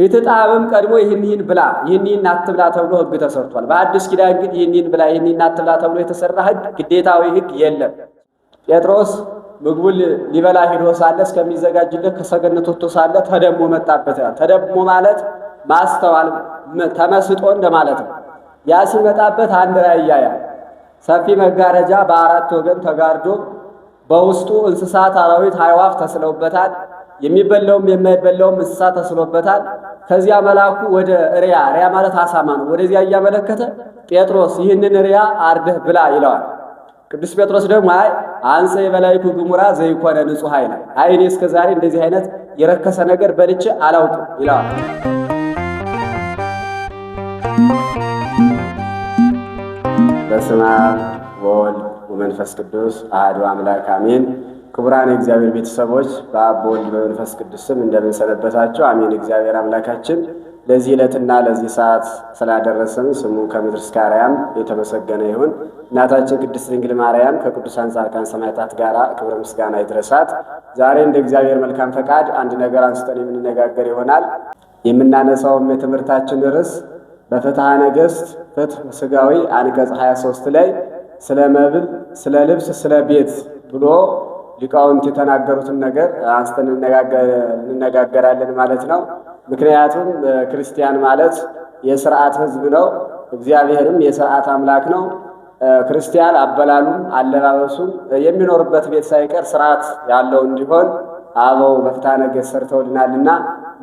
የተጣበም ቀድሞ ይህን ይህን ብላ ይህን ይህን አትብላ ተብሎ ህግ ተሰርቷል። በአዲስ ኪዳን ግን ይህን ይህን ብላ ይህን ይህን አትብላ ተብሎ የተሰራ ህግ ግዴታዊ ህግ የለም። ጴጥሮስ ምግቡን ሊበላ ሂዶ ሳለ እስከሚዘጋጅለት ከሰገነት ወጥቶ ሳለ ተደሞ መጣበት። ተደሞ ማለት ማስተዋል ተመስጦ እንደማለት ነው። ያ ሲመጣበት አንድ ራእይ ያያል። ሰፊ መጋረጃ በአራት ወገን ተጋርዶ በውስጡ እንስሳት፣ አራዊት፣ አዕዋፍ ተስለውበታል። የሚበላውም የማይበላውም እንስሳት ተስሎበታል። ከዚያ መልአኩ ወደ ሪያ ሪያ ማለት አሳማ ነው። ወደዚያ እያመለከተ ጴጥሮስ ይህንን ሪያ አርደህ ብላ ይለዋል። ቅዱስ ጴጥሮስ ደግሞ አይ አንሰ የበላይኩ ግሙራ ዘይኮነ ንጹሕ አይና አይ እኔ እስከ ዛሬ እንደዚህ አይነት የረከሰ ነገር በልቼ አላውቅም ይለዋል። በስመ አብ ወወልድ ወመንፈስ ቅዱስ አሐዱ አምላክ አሜን። ክቡራን የእግዚአብሔር ቤተሰቦች በአብ በወልድ በመንፈስ ቅዱስ ስም እንደምንሰነበታቸው አሜን። እግዚአብሔር አምላካችን ለዚህ ዕለትና ለዚህ ሰዓት ስላደረሰን ስሙ ከምድር እስከ አርያም የተመሰገነ ይሁን። እናታችን ቅድስት ድንግል ማርያም ከቅዱሳን ጻድቃን ሰማዕታት ጋር ክብረ ምስጋና ይድረሳት። ዛሬ እንደ እግዚአብሔር መልካም ፈቃድ አንድ ነገር አንስተን የምንነጋገር ይሆናል። የምናነሳውም የትምህርታችን ርዕስ በፍትሐ ነገሥት ፍትሕ ሥጋዊ አንቀጽ 23 ላይ ስለ መብል፣ ስለ ልብስ፣ ስለ ቤት ብሎ ሊቃውንት የተናገሩትን ነገር አንስተን እንነጋገራለን ማለት ነው። ምክንያቱም ክርስቲያን ማለት የስርዓት ህዝብ ነው። እግዚአብሔርም የስርዓት አምላክ ነው። ክርስቲያን አበላሉም አለባበሱም የሚኖርበት ቤት ሳይቀር ስርዓት ያለው እንዲሆን አበው በፍትሐ ነገሥት ሰርተውልናልና፣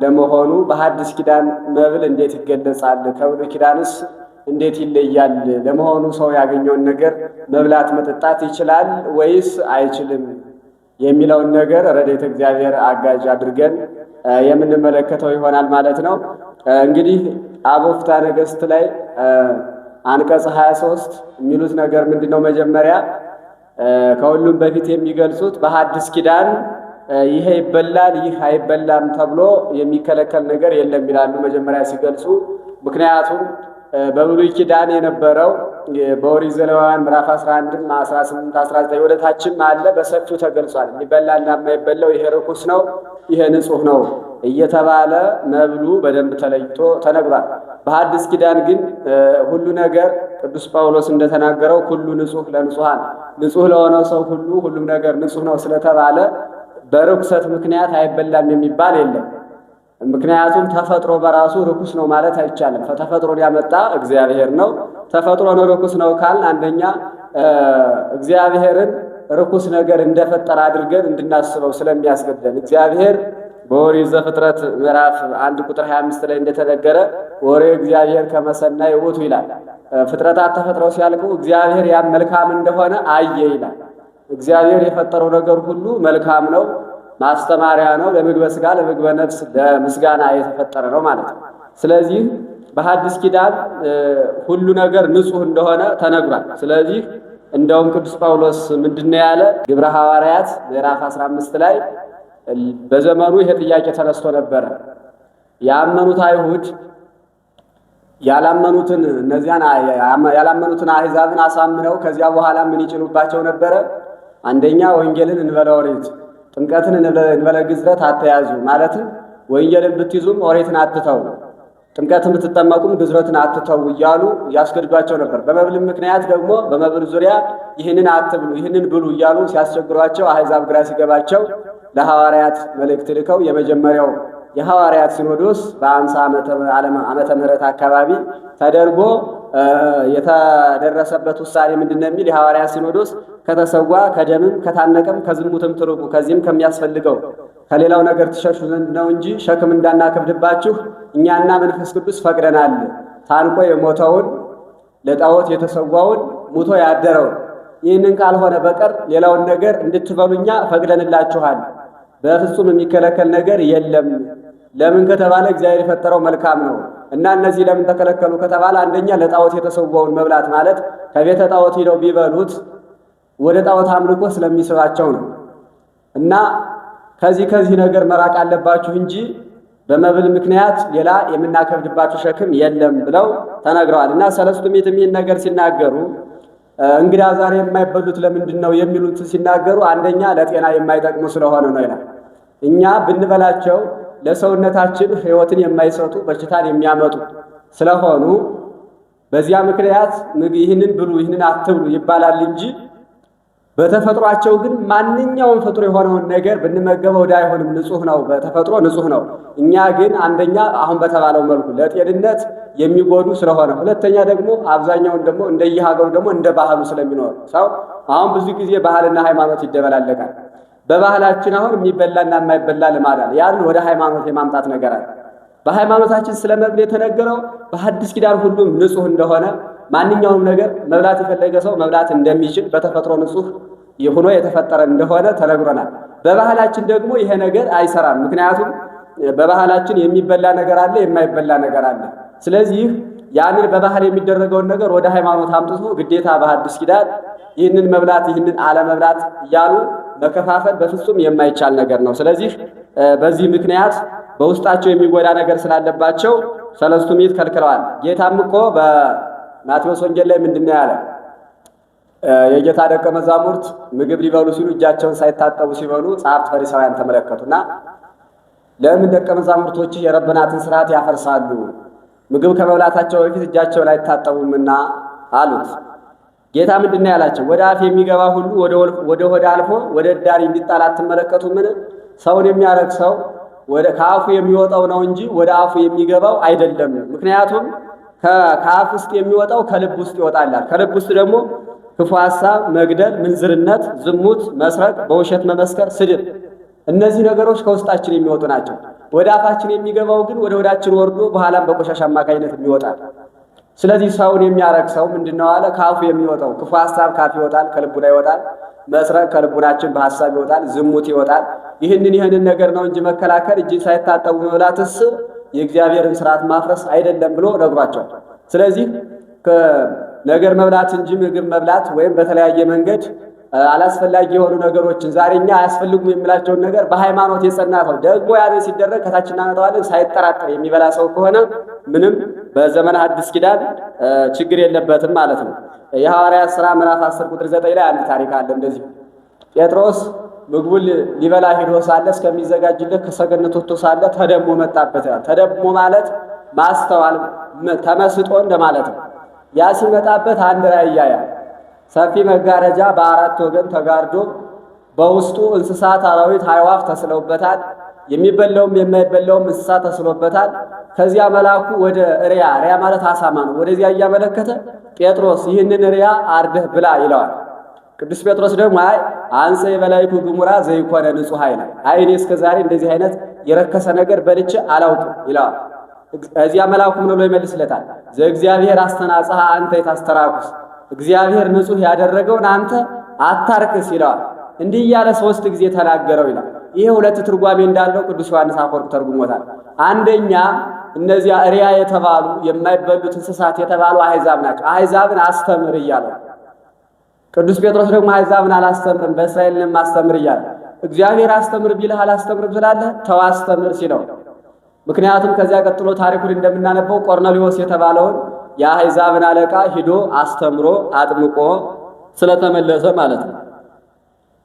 ለመሆኑ በሐዲስ ኪዳን መብል እንዴት ይገለጻል? ከብሉይ ኪዳንስ እንዴት ይለያል? ለመሆኑ ሰው ያገኘውን ነገር መብላት መጠጣት ይችላል ወይስ አይችልም? የሚለውን ነገር ረድኤተ እግዚአብሔር አጋዥ አድርገን የምንመለከተው ይሆናል ማለት ነው። እንግዲህ አቦፍታ ነገስት ላይ አንቀጽ 23 የሚሉት ነገር ምንድን ነው? መጀመሪያ ከሁሉም በፊት የሚገልጹት በሐዲስ ኪዳን ይሄ ይበላል፣ ይህ አይበላም ተብሎ የሚከለከል ነገር የለም ይላሉ መጀመሪያ ሲገልጹ ምክንያቱም በብሉይ ኪዳን የነበረው በኦሪት ዘሌዋውያን ምዕራፍ 11 እና 18 19 ወደታችም አለ በሰፊው ተገልጿል። የሚበላና የማይበላው ይሄ ርኩስ ነው፣ ይሄ ንጹህ ነው እየተባለ መብሉ በደንብ ተለይቶ ተነግሯል። በሐዲስ ኪዳን ግን ሁሉ ነገር ቅዱስ ጳውሎስ እንደተናገረው ሁሉ ንጹህ ለንጹሃን፣ ንጹህ ለሆነው ሰው ሁሉ ሁሉም ነገር ንጹህ ነው ስለተባለ በርኩሰት ምክንያት አይበላም የሚባል የለም። ምክንያቱም ተፈጥሮ በራሱ ርኩስ ነው ማለት አይቻልም። ተፈጥሮን ያመጣ እግዚአብሔር ነው። ነው ርኩስ ነው ካልን አንደኛ እግዚአብሔርን ርኩስ ነገር እንደፈጠረ አድርገን እንድናስበው ስለሚያስገድደን እግዚአብሔር በኦሪት ዘፍጥረት ምዕራፍ አንድ ቁጥር 25 ላይ እንደተነገረ ወሬ እግዚአብሔር ከመሰናይ ውእቱ ይላል። ፍጥረታት ተፈጥረው ሲያልቁ እግዚአብሔር ያ መልካም እንደሆነ አየ ይላል። እግዚአብሔር የፈጠረው ነገር ሁሉ መልካም ነው። ማስተማሪያ ነው። ለምግበ ስጋ ለምግበ ነፍስ ለምስጋና የተፈጠረ ነው ማለት ነው። ስለዚህ በሐዲስ ኪዳን ሁሉ ነገር ንጹህ እንደሆነ ተነግሯል። ስለዚህ እንደውም ቅዱስ ጳውሎስ ምንድነው ያለ ግብረ ሐዋርያት ምዕራፍ 15 ላይ በዘመኑ ይሄ ጥያቄ ተነስቶ ነበረ። ያመኑት አይሁድ ያላመኑትን እነዚያን ያላመኑትን አህዛብን አሳምነው ከዚያ በኋላ ምን ይጭኑባቸው ነበረ? አንደኛ ወንጌልን እንበለ ኦሪት ጥምቀትን እንበለ ግዝረት አተያዙ ማለትም ወንጌልን ብትይዙም ኦሪትን አትተው፣ ጥምቀትን ብትጠመቁም ግዝረትን አትተው እያሉ ያስገድዷቸው ነበር። በመብልም ምክንያት ደግሞ በመብል ዙሪያ ይህንን አትብሉ፣ ይህንን ብሉ እያሉ ሲያስቸግሯቸው አህዛብ ግራ ሲገባቸው ለሐዋርያት መልእክት ልከው የመጀመሪያው የሐዋርያት ሲኖዶስ በአምሳ ዓመተ ምህረት አካባቢ ተደርጎ የተደረሰበት ውሳኔ ምንድን ነው የሚል የሐዋርያት ሲኖዶስ ከተሰዋ ከደምም ከታነቀም ከዝሙትም ትርቁ፣ ከዚህም ከሚያስፈልገው ከሌላው ነገር ትሸሹ ዘንድ ነው እንጂ ሸክም እንዳናከብድባችሁ እኛና መንፈስ ቅዱስ ፈቅደናል። ታንቆ የሞተውን ለጣዖት የተሰዋውን ሙቶ ያደረውን ይህንን ካልሆነ በቀር ሌላውን ነገር እንድትበሉ ፈቅደንላችኋል። በፍጹም የሚከለከል ነገር የለም። ለምን ከተባለ እግዚአብሔር የፈጠረው መልካም ነው እና እነዚህ ለምን ተከለከሉ ከተባለ አንደኛ ለጣዖት የተሰዋውን መብላት ማለት ከቤተ ጣዖት ሂደው ቢበሉት ወደ ጣዖት አምልኮ ስለሚስባቸው ነው። እና ከዚህ ከዚህ ነገር መራቅ አለባችሁ እንጂ በመብል ምክንያት ሌላ የምናከብድባችሁ ሸክም የለም ብለው ተነግረዋል። እና ሰለስቱ ምዕት ይህን ነገር ሲናገሩ እንግዳ ዛሬ የማይበሉት ለምንድን ነው የሚሉት ሲናገሩ፣ አንደኛ ለጤና የማይጠቅሙ ስለሆነ ነው ይላል። እኛ ብንበላቸው ለሰውነታችን ሕይወትን የማይሰጡ በሽታን የሚያመጡ ስለሆኑ በዚያ ምክንያት ይህንን ብሉ፣ ይህንን አትብሉ ይባላል እንጂ በተፈጥሯቸው ግን ማንኛውም ፍጡር የሆነውን ነገር ብንመገበው ዳ አይሆንም፣ ንጹህ ነው፣ በተፈጥሮ ንጹህ ነው። እኛ ግን አንደኛ አሁን በተባለው መልኩ ለጤንነት የሚጎዱ ስለሆነ፣ ሁለተኛ ደግሞ አብዛኛውን ደግሞ እንደየሀገሩ ደግሞ እንደ ባህሉ ስለሚኖር ሰው አሁን ብዙ ጊዜ ባህልና ሃይማኖት ይደበላለቃል። በባህላችን አሁን የሚበላና የማይበላ ልማድ አለ። ያን ወደ ሃይማኖት የማምጣት ነገር አለ። በሃይማኖታችን ስለ መብል የተነገረው በሐዲስ ኪዳን ሁሉም ንጹህ እንደሆነ ማንኛውም ነገር መብላት የፈለገ ሰው መብላት እንደሚችል በተፈጥሮ ንጹህ ሆኖ የተፈጠረ እንደሆነ ተነግሮናል። በባህላችን ደግሞ ይሄ ነገር አይሰራም። ምክንያቱም በባህላችን የሚበላ ነገር አለ፣ የማይበላ ነገር አለ። ስለዚህ ያንን በባህል የሚደረገውን ነገር ወደ ሃይማኖት አምጥቶ ግዴታ በሐዲስ ኪዳን ይህንን መብላት ይህንን አለመብላት እያሉ መከፋፈል በፍጹም የማይቻል ነገር ነው። ስለዚህ በዚህ ምክንያት በውስጣቸው የሚጎዳ ነገር ስላለባቸው ሰለስቱ ምዕት ከልክለዋል። ጌታም እኮ ማቴዎስ ወንጌል ላይ ምንድን ነው ያለ? የጌታ ደቀ መዛሙርት ምግብ ሊበሉ ሲሉ እጃቸውን ሳይታጠቡ ሲበሉ ጸሐፍት ፈሪሳውያን ተመለከቱና ለምን ደቀ መዛሙርቶች የረበናትን ስርዓት ያፈርሳሉ? ምግብ ከመብላታቸው በፊት እጃቸውን አይታጠቡምና አሉት። ጌታ ምንድን ነው ያላቸው? ወደ አፍ የሚገባ ሁሉ ወደ ሆድ አልፎ ወደ እዳሪ እንዲጣል አትመለከቱምን? ሰውን የሚያረክሰው ከአፉ የሚወጣው ነው እንጂ ወደ አፉ የሚገባው አይደለም። ምክንያቱም ከአፍ ውስጥ የሚወጣው ከልብ ውስጥ ይወጣላል። ከልብ ውስጥ ደግሞ ክፉ መግደል፣ ምንዝርነት፣ ዝሙት፣ መስረቅ፣ በውሸት መመስከር፣ ስድብ፣ እነዚህ ነገሮች ከውስጣችን የሚወጡ ናቸው። ወደ አፋችን የሚገባው ግን ወደ ወዳችን ወርዶ በኋላም በቆሻሻ አማካኝነት የሚወጣል። ስለዚህ ሰውን የሚያረግ ሰው ምንድን ነው አለ? ከአፉ የሚወጣው ክፉ ካፍ ይወጣል፣ ላይ ይወጣል። መስረቅ ከልቡናችን በሐሳብ ይወጣል፣ ዝሙት ይወጣል። ይህንን ይህንን ነገር ነው እንጂ መከላከል እጅ ሳይታጠቡ መብላትስ የእግዚአብሔርን ስርዓት ማፍረስ አይደለም ብሎ ነግሯቸዋል። ስለዚህ ነገር መብላት እንጂ ምግብ መብላት ወይም በተለያየ መንገድ አላስፈላጊ የሆኑ ነገሮችን ዛሬ እኛ አያስፈልጉም የሚላቸውን ነገር በሃይማኖት የጸና ሰው ደግሞ ያንን ሲደረግ ከታች እናመጣዋለን ሳይጠራጠር የሚበላ ሰው ከሆነ ምንም በዘመነ አዲስ ኪዳን ችግር የለበትም ማለት ነው። የሐዋርያት ስራ ምዕራፍ 10 ቁጥር 9 ላይ አንድ ታሪክ አለ። እንደዚህ ጴጥሮስ ምግቡን ሊበላ ሂዶ ሳለ እስከሚዘጋጅለት ከሰገነት ወጥቶ ሳለ ተደሞ መጣበት። ተደሞ ማለት ማስተዋል ተመስጦ እንደማለት ነው። ያ ሲመጣበት አንድ ራእይ ሰፊ መጋረጃ በአራት ወገን ተጋርዶ በውስጡ እንስሳት፣ አራዊት፣ አይዋፍ ተስለውበታል። የሚበላውም የማይበላውም እንስሳ ተስሎበታል። ከዚያ መልአኩ ወደ ሪያ ሪያ ማለት አሳማ ነው። ወደዚያ እያመለከተ ጴጥሮስ ይህንን ሪያ አርደህ ብላ ይለዋል። ቅዱስ ጴጥሮስ ደግሞ አይ አንሰ የበላይኩ ግሙራ ዘይኮነ ንጹህ ይላል። አይኔ እስከ ዛሬ እንደዚህ አይነት የረከሰ ነገር በልቼ አላውቅም ይለዋል። እዚያ መልአኩም ነው ብሎ ይመልስለታል። ዘእግዚአብሔር አስተናጽሐ አንተ የታስተራኩስ እግዚአብሔር ንጹህ ያደረገውን አንተ አታርክስ ይለዋል። እንዲህ እያለ ሶስት ጊዜ ተናገረው ይላል። ይሄ ሁለት ትርጓሜ እንዳለው ቅዱስ ዮሐንስ አፈወርቅ ተርጉሞታል። አንደኛ እነዚያ እሪያ የተባሉ የማይበሉት እንስሳት የተባሉ አሕዛብ ናቸው። አሕዛብን አስተምር እያለው ቅዱስ ጴጥሮስ ደግሞ አሕዛብን አላስተምርም በእስራኤልን ማስተምር እያለ እግዚአብሔር አስተምር ቢልህ አላስተምርም ስላለ ተው አስተምር ሲለው፣ ምክንያቱም ከዚያ ቀጥሎ ታሪኩን እንደምናነበው ቆርኔሌዎስ የተባለውን የአሕዛብን አለቃ ሂዶ አስተምሮ አጥምቆ ስለተመለሰ ማለት ነው።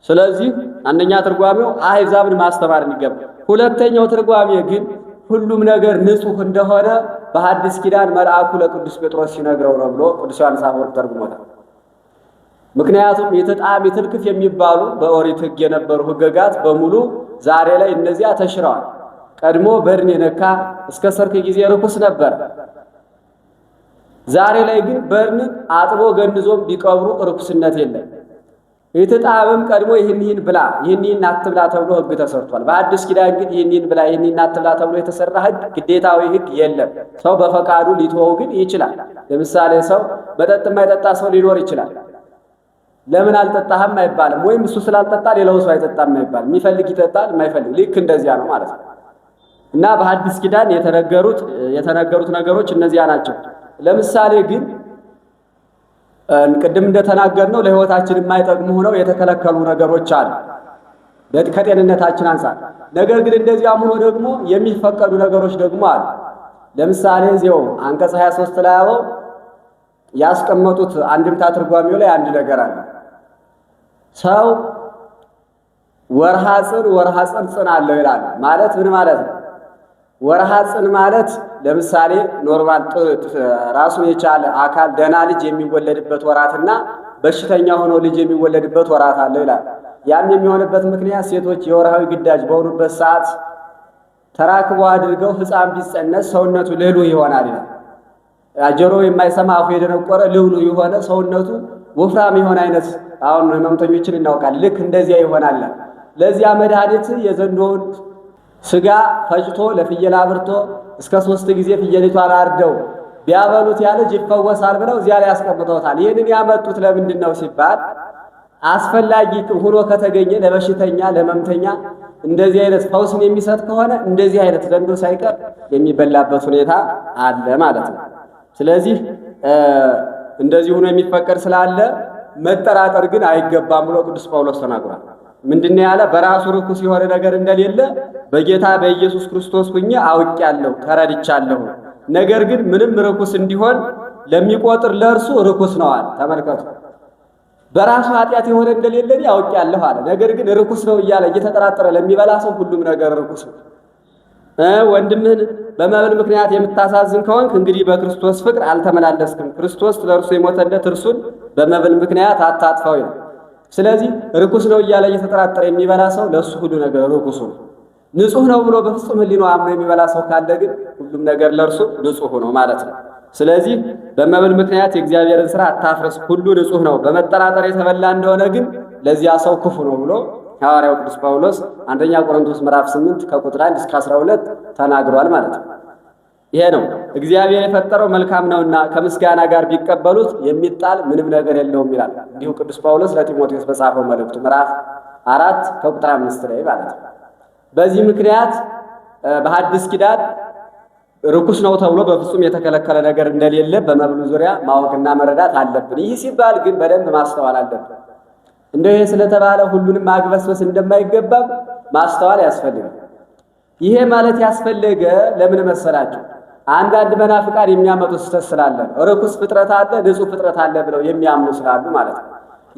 ስለዚህ አንደኛ ትርጓሜው አሕዛብን ማስተማር ይገባል። ሁለተኛው ትርጓሜ ግን ሁሉም ነገር ንጹሕ እንደሆነ በሐዲስ ኪዳን መልአኩ ለቅዱስ ጴጥሮስ ሲነግረው ነው ብሎ ቅዱስ ዮሐንስ አፈወርቅ ተርጉሞታል። ምክንያቱም የተጣም የትልክፍ የሚባሉ በኦሪት ሕግ የነበሩ ሕገጋት በሙሉ ዛሬ ላይ እነዚያ ተሽረዋል። ቀድሞ በድን የነካ እስከ ሰርክ ጊዜ ርኩስ ነበር። ዛሬ ላይ ግን በድን አጥቦ ገንዞም ቢቀብሩ ርኩስነት የለም። የተጣበም ቀድሞ ይህን ይህን ብላ ይህን ይህን አትብላ ተብሎ ህግ ተሰርቷል። በአዲስ ኪዳን ግን ይህን ይህን ብላ ይህን ይህን አትብላ ተብሎ የተሰራ ህግ ግዴታዊ ህግ የለም። ሰው በፈቃዱ ሊተወው ግን ይችላል። ለምሳሌ ሰው መጠጥ የማይጠጣ ሰው ሊኖር ይችላል። ለምን አልጠጣህም አይባልም። ወይም እሱ ስላልጠጣ ሌላው ሰው አይጠጣም አይባልም። የሚፈልግ ይጠጣል፣ የማይፈልግ ልክ እንደዚያ ነው ማለት ነው። እና በሐዲስ ኪዳን የተነገሩት የተነገሩት ነገሮች እነዚያ ናቸው። ለምሳሌ ግን ቅድም እንደተናገርነው ለህይወታችን የማይጠቅሙ ሆነው የተከለከሉ ነገሮች አሉ ከጤንነታችን አንፃር። ነገር ግን እንደዚያም ሆኖ ደግሞ የሚፈቀዱ ነገሮች ደግሞ አሉ። ለምሳሌ እዚያው አንቀጽ 23 ላይ ያው ያስቀመጡት አንድምታ ትርጓሚው ላይ አንድ ነገር አለ ሰው ወርሃ ጽን ወርሃ ጽን ጽን አለው ይላል። ማለት ምን ማለት ነው? ወርሃ ጽን ማለት ለምሳሌ ኖርማል ራሱን የቻለ አካል ደህና ልጅ የሚወለድበት ወራትና በሽተኛ ሆኖ ልጅ የሚወለድበት ወራት አለው ይላል። ያም የሚሆንበት ምክንያት ሴቶች የወርሃዊ ግዳጅ በሆኑበት ሰዓት ተራክቦ አድርገው ሕፃን ቢጸነስ ሰውነቱ ልህሉ ይሆናል ይላል። ጆሮ የማይሰማ አፉ የደነቆረ ልህሉ የሆነ ሰውነቱ ወፍራም የሆነ አይነት አሁን ህመምተኞችን እናውቃል። ልክ እንደዚያ ይሆናል። ለዚያ መድኃኒት የዘንዶውን ስጋ ፈጭቶ ለፍየል አብርቶ እስከ ሶስት ጊዜ ፍየሊቷን አርደው ቢያበሉት ያለ ልጅ ይፈወሳል ብለው እዚያ ላይ አስቀምጠውታል። ይህንን ያመጡት ለምንድን ነው ሲባል አስፈላጊ ሆኖ ከተገኘ ለበሽተኛ ለመምተኛ እንደዚህ አይነት ፈውስን የሚሰጥ ከሆነ እንደዚህ አይነት ዘንዶ ሳይቀር የሚበላበት ሁኔታ አለ ማለት ነው። ስለዚህ እንደዚህ ሆኖ የሚፈቀድ ስላለ መጠራጠር ግን አይገባም ብሎ ቅዱስ ጳውሎስ ተናግሯል። ምንድነው ያለ? በራሱ ርኩስ የሆነ ነገር እንደሌለ በጌታ በኢየሱስ ክርስቶስ ሁኜ አውቄያለሁ፣ ተረድቻለሁ። ነገር ግን ምንም ርኩስ እንዲሆን ለሚቆጥር ለእርሱ ርኩስ ነዋል። ተመልከቱ፣ በራሱ ኃጢአት የሆነ እንደሌለ እኔ አውቄያለሁ አለ። ነገር ግን ርኩስ ነው እያለ እየተጠራጠረ ለሚበላ ሰው ሁሉም ነገር ርኩስ ነው። ወንድምህን በመብል ምክንያት የምታሳዝን ከሆንክ እንግዲህ በክርስቶስ ፍቅር አልተመላለስክም። ክርስቶስ ለእርሱ የሞተለት እርሱን በመብል ምክንያት አታጥፋው ነው። ስለዚህ ርኩስ ነው እያለ እየተጠራጠረ የሚበላ ሰው ለእሱ ሁሉ ነገር ርኩሱ ነው። ንጹህ ነው ብሎ በፍጹም ሕሊናው አምኖ የሚበላ ሰው ካለ ግን ሁሉም ነገር ለእርሱ ንጹህ ነው ማለት ነው። ስለዚህ በመብል ምክንያት የእግዚአብሔርን ሥራ አታፍርስ። ሁሉ ንጹህ ነው፣ በመጠራጠር የተበላ እንደሆነ ግን ለዚያ ሰው ክፉ ነው ብሎ ሐዋርያው ቅዱስ ጳውሎስ አንደኛ ቆሮንቶስ ምዕራፍ 8 ከቁጥር 1 እስከ 12 ተናግሯል ማለት ነው። ይሄ ነው እግዚአብሔር የፈጠረው መልካም ነውና ከምስጋና ጋር ቢቀበሉት የሚጣል ምንም ነገር የለውም ይላል። እንዲሁ ቅዱስ ጳውሎስ ለጢሞቴዎስ በጻፈው መልእክቱ ምዕራፍ አራት ከቁጥር አምስት ላይ ማለት ነው። በዚህ ምክንያት በሐዲስ ኪዳን ርኩስ ነው ተብሎ በፍጹም የተከለከለ ነገር እንደሌለ በመብሉ ዙሪያ ማወቅና መረዳት አለብን። ይህ ሲባል ግን በደንብ ማስተዋል አለብን። እንደ ስለተባለ ሁሉንም ማግበስበስ እንደማይገባም ማስተዋል ያስፈልጋል። ይሄ ማለት ያስፈለገ ለምን መሰላችሁ አንዳንድ መናፍቃን የሚያመጡት ስህተት ስላለ ርኩስ ፍጥረት አለ፣ ንጹሕ ፍጥረት አለ ብለው የሚያምኑ ስላሉ ማለት ነው።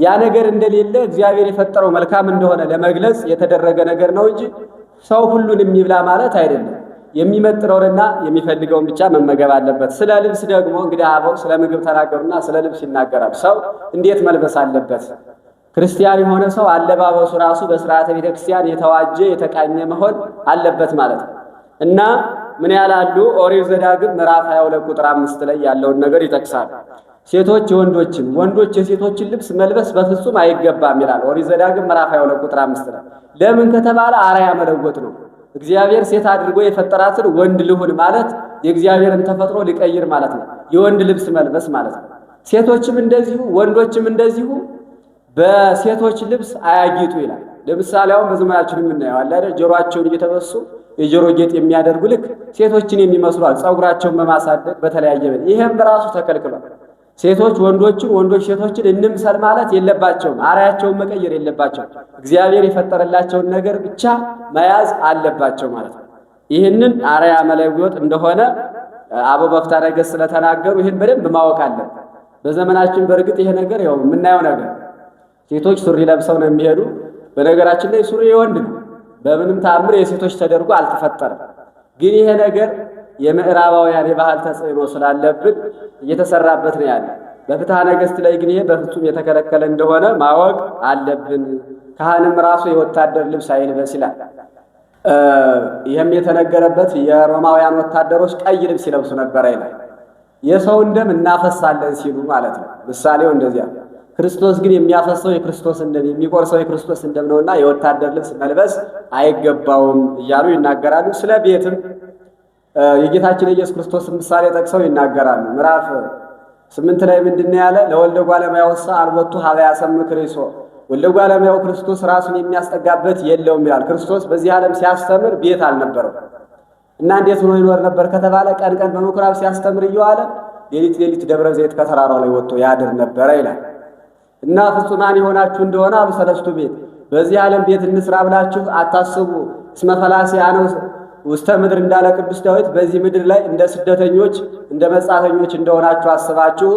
ያ ነገር እንደሌለ እግዚአብሔር የፈጠረው መልካም እንደሆነ ለመግለጽ የተደረገ ነገር ነው እንጂ ሰው ሁሉን የሚብላ ማለት አይደለም። የሚመጥረውንና የሚፈልገውን ብቻ መመገብ አለበት። ስለ ልብስ ደግሞ እንግዲህ አበው ስለ ምግብ ተናገሩና ስለ ልብስ ይናገራል። ሰው እንዴት መልበስ አለበት ክርስቲያን የሆነ ሰው አለባበሱ ራሱ በስርዓተ ቤተ ክርስቲያን የተዋጀ የተቃኘ መሆን አለበት ማለት ነው እና ምን ያላሉ ኦሪት ዘዳግም ምዕራፍ 22 ቁጥር አምስት ላይ ያለውን ነገር ይጠቅሳል። ሴቶች የወንዶችን ወንዶች የሴቶችን ልብስ መልበስ በፍጹም አይገባም ይላል ኦሪት ዘዳግም ምዕራፍ 22 ቁጥር አምስት ላይ ለምን ከተባለ አርአያ መለወጥ ነው። እግዚአብሔር ሴት አድርጎ የፈጠራትን ወንድ ልሁን ማለት የእግዚአብሔርን ተፈጥሮ ሊቀይር ማለት ነው። የወንድ ልብስ መልበስ ማለት ነው። ሴቶችም እንደዚሁ ወንዶችም እንደዚሁ በሴቶች ልብስ አያጌጡ ይላል። ለምሳሌ አሁን በዘመናችን የምናየው አለ አይደል? ጆሮአቸውን እየተበሱ የጆሮ ጌጥ የሚያደርጉ ልክ ሴቶችን የሚመስሏል፣ ፀጉራቸውን በማሳደግ በተለያየ በል ይሄም በራሱ ተከልክሏል። ሴቶች ወንዶችን፣ ወንዶች ሴቶችን እንምሰል ማለት የለባቸውም። አርያቸውን መቀየር የለባቸውም። እግዚአብሔር የፈጠረላቸውን ነገር ብቻ መያዝ አለባቸው ማለት ነው። ይህንን አርያ መለወጥ እንደሆነ አበው በፍትሐ ነገሥት ስለተናገሩ ይህን በደንብ ማወቅ አለን። በዘመናችን በእርግጥ ይሄ ነገር ያው የምናየው ነገር ሴቶች ሱሪ ለብሰው ነው የሚሄዱ። በነገራችን ላይ ሱሪ የወንድ ነው፣ በምንም ታምር የሴቶች ተደርጎ አልተፈጠረም። ግን ይሄ ነገር የምዕራባውያን የባህል ተጽዕኖ ስላለብን እየተሰራበት ነው ያለ። በፍትሐ ነገሥት ላይ ግን ይሄ በፍጹም የተከለከለ እንደሆነ ማወቅ አለብን። ካህንም ራሱ የወታደር ልብስ አይልበስ ይላል። ይህም የተነገረበት የሮማውያን ወታደሮች ቀይ ልብስ ይለብሱ ነበረ ይላል። የሰውን ደም እናፈሳለን ሲሉ ማለት ነው። ምሳሌው እንደዚያ ክርስቶስ ግን የሚያፈሰው የክርስቶስን ደም የሚቆርሰው የክርስቶስን ደም ነውና የወታደር ልብስ መልበስ አይገባውም እያሉ ይናገራሉ። ስለ ቤትም የጌታችን ኢየሱስ ክርስቶስን ምሳሌ ጠቅሰው ይናገራሉ። ምዕራፍ ስምንት ላይ ምንድነው ያለ? ለወልደ እጓለ እማወስዕ አልቦቱ ሀበ ሰም ርእሶ ወልደ እጓለ ክርስቶስ ራሱን የሚያስጠጋበት የለውም ይላል። ክርስቶስ በዚህ ዓለም ሲያስተምር ቤት አልነበረው እና እንዴት ሆኖ ይኖር ነበር ከተባለ ቀን ቀን በምኩራብ ሲያስተምር እየዋለ ሌሊት ሌሊት ደብረ ዘይት ከተራራው ላይ ወጥቶ ያድር ነበረ ይላል። እና ፍጹማን የሆናችሁ እንደሆነ አብ ሰለስቱ ቤት በዚህ ዓለም ቤት እንስራ ብላችሁ አታስቡ። እስመ ፈላሲያ ነው ውስተ ምድር እንዳለ ቅዱስ ዳዊት በዚህ ምድር ላይ እንደ ስደተኞች እንደ መጻተኞች እንደሆናችሁ አስባችሁ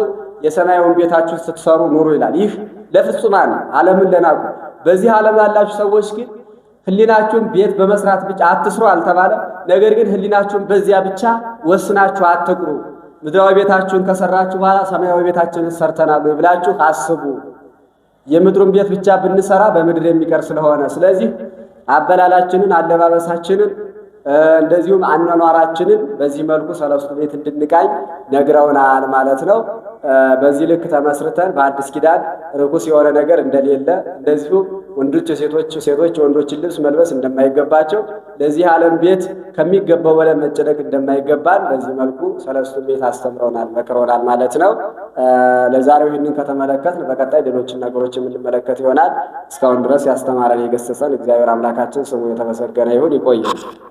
የሰማያዊውን ቤታችሁ ስትሰሩ ኑሩ ይላል። ይህ ለፍጹማን ዓለምን ለናቁ። በዚህ ዓለም ላላችሁ ሰዎች ግን ህሊናችሁን ቤት በመስራት ብቻ አትስሩ አልተባለም። ነገር ግን ህሊናችሁን በዚያ ብቻ ወስናችሁ አትቅሩ። ምድራዊ ቤታችሁን ከሰራችሁ በኋላ ሰማያዊ ቤታችንን ሰርተናሉ ብላችሁ አስቡ። የምድሩን ቤት ብቻ ብንሰራ በምድር የሚቀር ስለሆነ፣ ስለዚህ አበላላችንን፣ አለባበሳችንን እንደዚሁም አኗኗራችንን በዚህ መልኩ ሰለስቱ ቤት እንድንቃኝ ነግረውናል ማለት ነው። በዚህ ልክ ተመስርተን በአዲስ ኪዳን ርኩስ የሆነ ነገር እንደሌለ እንደዚሁ ወንዶች ሴቶች ሴቶች ወንዶችን ልብስ መልበስ እንደማይገባቸው ለዚህ ዓለም ቤት ከሚገባው በላይ መጨነቅ እንደማይገባን በዚህ መልኩ ሰለስቱን ቤት አስተምረውናል፣ መክረውናል ማለት ነው። ለዛሬው ይህንን ከተመለከት በቀጣይ ሌሎችን ነገሮች የምንመለከት ይሆናል። እስካሁን ድረስ ያስተማረን የገሰሰን እግዚአብሔር አምላካችን ስሙ የተመሰገነ ይሁን። ይቆያል።